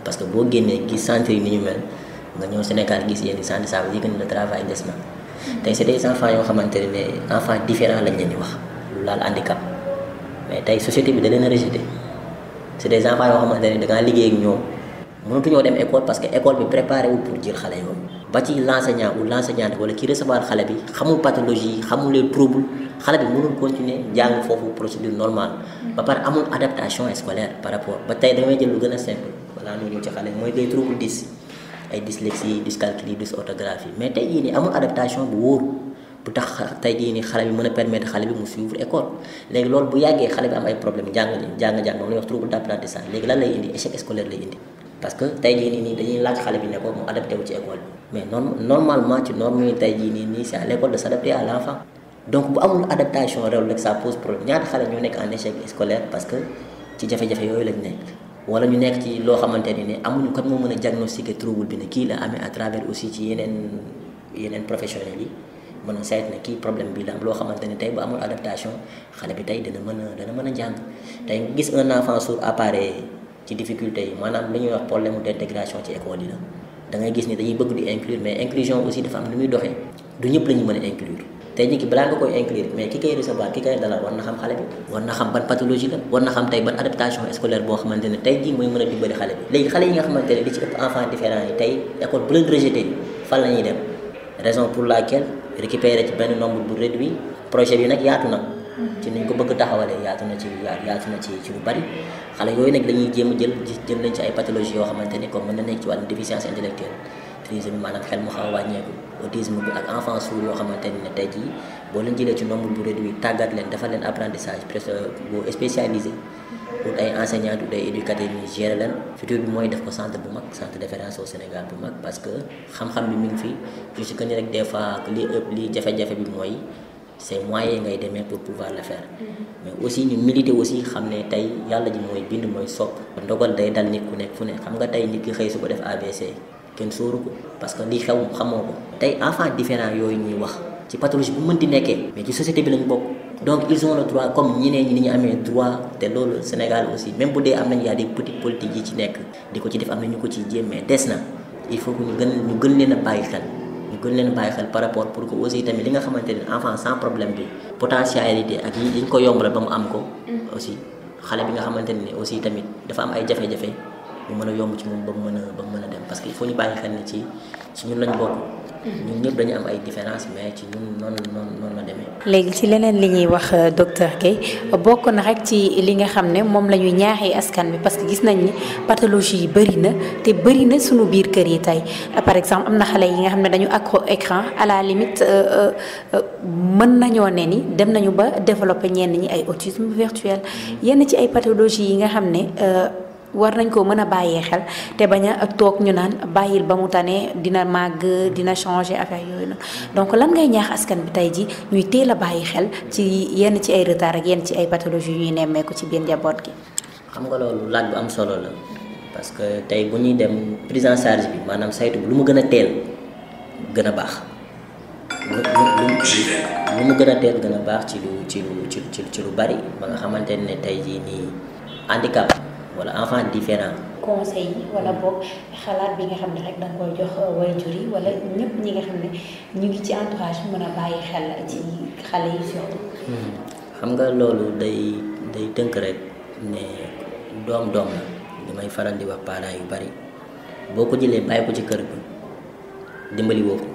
parce que boo génnee gis centre yi ni ñu mel nga ñëw Sénégal gis yenn centre ça yi dire que le travail des na. Mm-hmm. tey c'est des enfants yoo xamante ne enfants différents lañ leen di wax lu laal handicap mais tey société bi da leen a rejeté c'est des enfants yoo xamante ne da ngaa liggéey ak dem école parce que école bi préparé wul pour jël xale yooyu. ba ci l'enseignant wala ki recevoir xale bi xamul pathologie xamul les troubles xale bi mënul continuer jàng foofu procédure normale mm. ba pare amul adaptation scolaire par rapport ba tey damay jël lu gën a simple balaa ñu ñëw ci xale mais tey jii nii amul adaptation bu wóor bu tax bi mën a permettre xale bi mu suivre école léegi loolu bu yàggee xale bi am ay problème jàng jàng-jàng moom la ñuy wax trouble d'apprentissage léegi lan lay indi échec scolaire lay indi parce que tey jii nii dañuy laaj xale bi ne mu adapté ci école mais normalement ci norme yi tey jii donc bu amul adaptation réew rek ça pose problème ñaata xale ñoo nekk en échec scolaire parce que ci jafe-jafe yooyu lañ nekk wala ñu nekk ci loo xamante ni ne amuñu kat moo mën a diagnostiquer trouble bi ne kii la amee à travers aussi ci yeneen yeneen professionnels yi mën a seet na kii problème bi la am loo xamante ni tey bu amul adaptation xale bi tey dana mën a dana mën a jàng tey gis un enfant sourd apparaît ci difficulté yi maanaam li ñuy wax problème d' intégration ci école yi gis ni dañuy bëgg di inclure mais inclusion aussi dafa am lu muy doxee ñëpp la ñu mën a inclure tey nit ki balaa nga koy inclure mais ki koy recevoir ki koy dalal war na xam xale bi war na xam ban pathologie la war na xam tey ban adaptation scolaire boo xamante ne tey jii mooy mën a dimbali xale bi léegi xale yi nga xamante ne li ci ëpp enfant différent yi tey école bu leen rejeté fan la ñuy dem raison pour laquelle récupérer ci benn nombre bu réduit projet bi nag yaatu na ci niñ ko bëgg taxawalee yaatu na ci yaatu na ci ci lu bari xale a jël jël nañ ni comme a autisme bi ak enfant sourd yoo xamante ni ne tey jii boo leen jëlee ci nombre bu réduit tàggat leen dafa leen apprentissage presque euh, bu spécialisé pour ay enseignants du ay éducateurs ñu gérer leen mooy def ko centre bu mag centre de référence au Sénégal parce que xam-xam mi ngi fi juste que ni des fois li ëpp li jafe bi mooy c'est moyen ngay demee pour pouvoir le faire mm-hmm. mais aussi ñu militer xam ne tey yàlla ji mooy bind mooy sopp ndogal day dal nit ku nekk fu ne xam nga tey nit ki xëy su ko def ABC kenn sóoru ko parce que li xew xamoo ko tey enfant différent yooyu ñuy wax ci pathologie bu di nekkee mais ci société bi lañ bokk donc ils ont le droit comme ñeneen ñi ni ñu amee droit te loolu Sénégal aussi même bu dee am nañ yaa des petites politiques yi ci nekk di ko ci def am na ñu ko ciy jéem mais des na il faut que ñu gën ñu gën leen a bàyyi xel ñu gën leen a bàyyi xel par rapport pour que aussi tamit li nga xamante ne enfant sans problème bi potentialité ak yi ñu ko yombal mu am ko mm. aussi xale bi nga xamante ne aussi tamit dafa am ay jafe mu mën a yomb ci moom ba mu mën a dem parce que il ñu bàyyi xel ni ci ci ñun lañ bokk. ñun ñëpp dañu am ay différence mais ci ñun noonu la demee. léegi ci leneen li ñuy wax euh, docteur Guèye bokk na rek ci li nga xam ne moom la ñuy ñaaxee askan bi parce que gis nañ ni pathologie yi bëri na te bëri na suñu biir kër yi tey par exemple am na xale yi nga xam ne dañu accro écran à la limite euh, euh, mën nañoo ne ni dem nañu ba développer ñenn ñi ay autisme virtuel yenn ci ay pathologie yi nga xam ne. war nañ koo mën a bàyyee xel te bañ a toog ñu naan bàyyil ba mu tanee dina màgg dina changer affaire yooyu nag donc lan ngay ñaax askan bi tey ji ñuy teel a bàyyi xel ci yenn ci ay retard ak ci ay pathologie ñuy nemmeeku ci biir njaboot gi. xam nga loolu laaj bu am solo la parce que tey bu ñuy dem prise en charge bi maanaam saytu bi lu mu gën a teel gën a baax. lu mu gën a teel gën a baax ci lu ci lu ci ci lu bari ba nga xamante ne tey jii nii handicap. wala enfant différent conseil yi wala boog xalaat bi nga xam ne rek da koy jox waajur yi wala ñëpp ñi nga xam ne ñu ngi ci entourage bi a bàyyi xel ci xale yi surtout hmm. xam nga loolu day day tënk rek ne doom doom la damay faral di wax parents yu bari boo ko jëlee bàyyi ko ci kër bi dimbali woo ko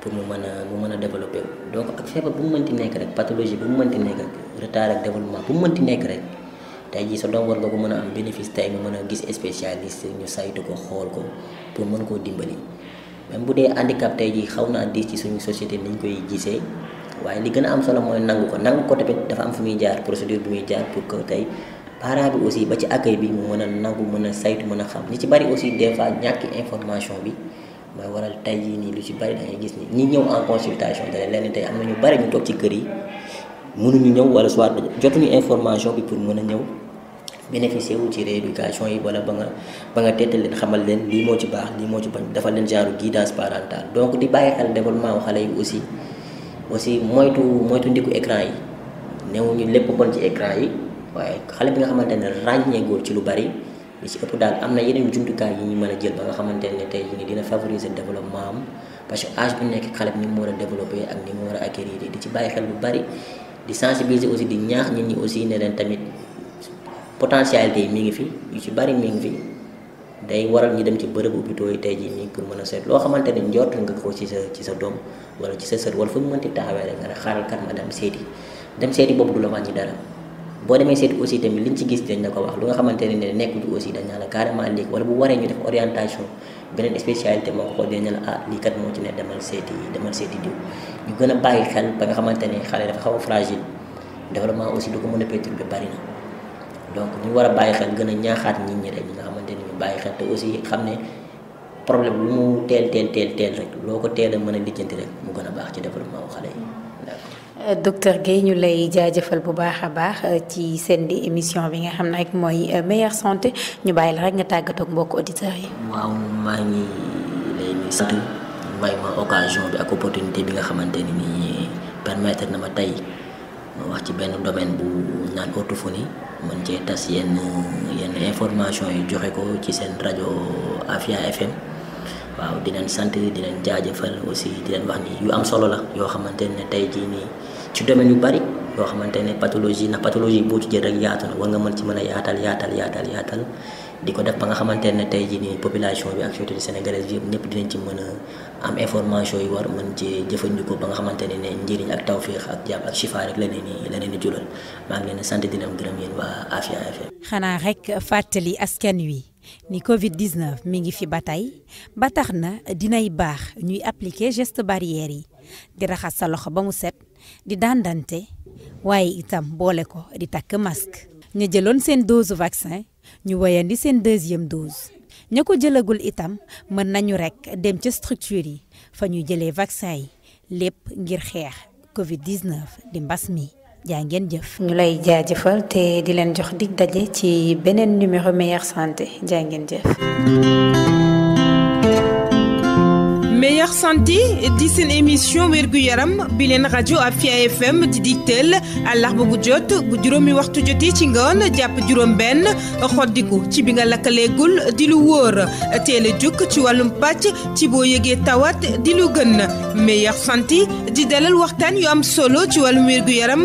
pour mu mën a mu mën a développé donc ak feebar bu mu mënti nekk rek pathologie mu mënti nekk rek retard ak développement bu mu mënti nekk rek tey jii sa doom war nga ko mën a am bénéfice tey nga mën a gis spécialiste ñu saytu ko xool ko pour mën koo dimbali même bu dee handicap tey jii xaw naa diis ci suñu ni ñu koy gisee waaye li gën a am solo mooy nangu ko nangu ko tamit dafa am fu muy jaar procédure bi muy jaar pour que tey parent aussi ba ci accueil bi mu mën a nangu mën a saytu mën a xam li ci bari aussi des fois ñàkki information bi mooy waral tey jii nii lu ci bari dangay gis ni ñi ñëw en consultation dana leen tey am na ñu bari ñu ci kër yi. mënuñu ñëw wala soit jotuñu information bi pour mën a ñëw bénéficier wu ci rééducation yi wala ba nga ba nga teetal leen xamal leen lii moo ci baax lii moo ci bañ defal leen genre guidance parentale donc di bàyyi xel développement xale yi aussi aussi moytu moytu ndiku écran yi newuñu lépp bon ci écran yi waaye xale bi nga xamante ne ràññee ci lu bari li ci ëpp daal am na yeneen jumtukaay yi ñu mën a jël ba nga xamante ne tey jii dina favoriser développement am parce que âge nekk xale bi ni mu war a développer ak ni mu war a acquérir di ci bàyyi xel lu bari di sensibiliser aussi di ñaax nit ñi aussi ne leen tamit potentialité yi mu ngi fi yu ci bari mu ngi fi day waral ñu dem ci bërëbu hôpitaux yi tey jii nii pour mën a seet loo xamante ni njort nga ko ci sa ci sa doom wala ci sa sët wala fu mu mënti taxawee rek nga ne xaaral kat ma dem seeti dem seeti boobu du la wàññi dara boo demee seeti aussi tamit liñ ci gis dañ la ko wax lu nga xamante ne nekkul aussi dañ naan la carrément léegi wala bu waree ñu def orientation. beneen espécialité moo ko xool dee ne la ah lii kat moo ci ne demal seeti demal seeti diw ñu gën a bàyyi xel ba nga xamante ni xale dafa xaw a fragile développement aussi du ko mën a perturbé bari na donc ñu war a bàyyi xel gën a ñaaxaat nit ñi rek ñi nga xamante ni ñu bàyyi xel te aussi xam ne problème lu mu teel teel teel rek loo ko teel a mën a lijjanti rek mu gën a baax ci développement wu xale yi docteur Guèye ñu lay jaajëfal bu baax a baax euh, ci seen di émission bi nga xam ne rek mooy euh, meilleure santé ñu bàyyi la rek nga tàggatook mbokk mbokku yi. waaw maa ngi lay nuyu bi ak opportunité bi nga xamante ni nii permettre na ma tey ci benn domaine bu naan orthophonie mën cee tas yenn yenn information yu joxe ko ci seen rajo Afia FM. waaw di leen sant di leen jaajëfal aussi di leen wax ni yu am solo la yoo xamante ne tey jii nii ci domaine yu bari yoo xamante ne pathologie ndax pathologie boo ci jël rek yaatu na war nga mën ci mën a yaatal yaatal yaatal di ko def ba nga xamante ne tey jii nii population bi ak société sénégalaise bi yëpp ñëpp dinañ a am information yu ci jëfandikoo ba xamante ne ne njëriñ ak tawféex ak jàmm ak chifa rek la julal maa ngi leen sant di leen gërëm waa Afia FM. xanaa rek fàttali askan wi. ni Covid 19 mi ngi fi ba tey ba tax na dinay baax ñuy appliquer geste barrière yi di raxas sa loxo ba mu set di dandante waaye itam boole ko di takk mask ñu jëloon seen dose vaccin ñu wéyandi seen deuxième dose ña ko jëlagul itam mën nañu rekk dem ca structure yi fa ñu jëlee vaccin yi lépp ngir xeex Covid 19 di mbas mi. jaa ngeen jëf. ñu lay jaajëfal te di leen jox dig daje ci beneen numéro meilleure santé jaa ngeen jëf. meilleure santé di seen émission wérgu yaram bi leen rajo Afia FM di digteel àllarba bu jot bu juróomi waxtu jotee ci ngoon jàpp juróom-benn xoddiku ci bi nga lakkaleegul di lu wóor teel a jóg ci wàllum pàcc ci boo yëgee tawat di lu gën meilleure santé di dalal waxtaan yu am solo ci wàllum wérgu yaram.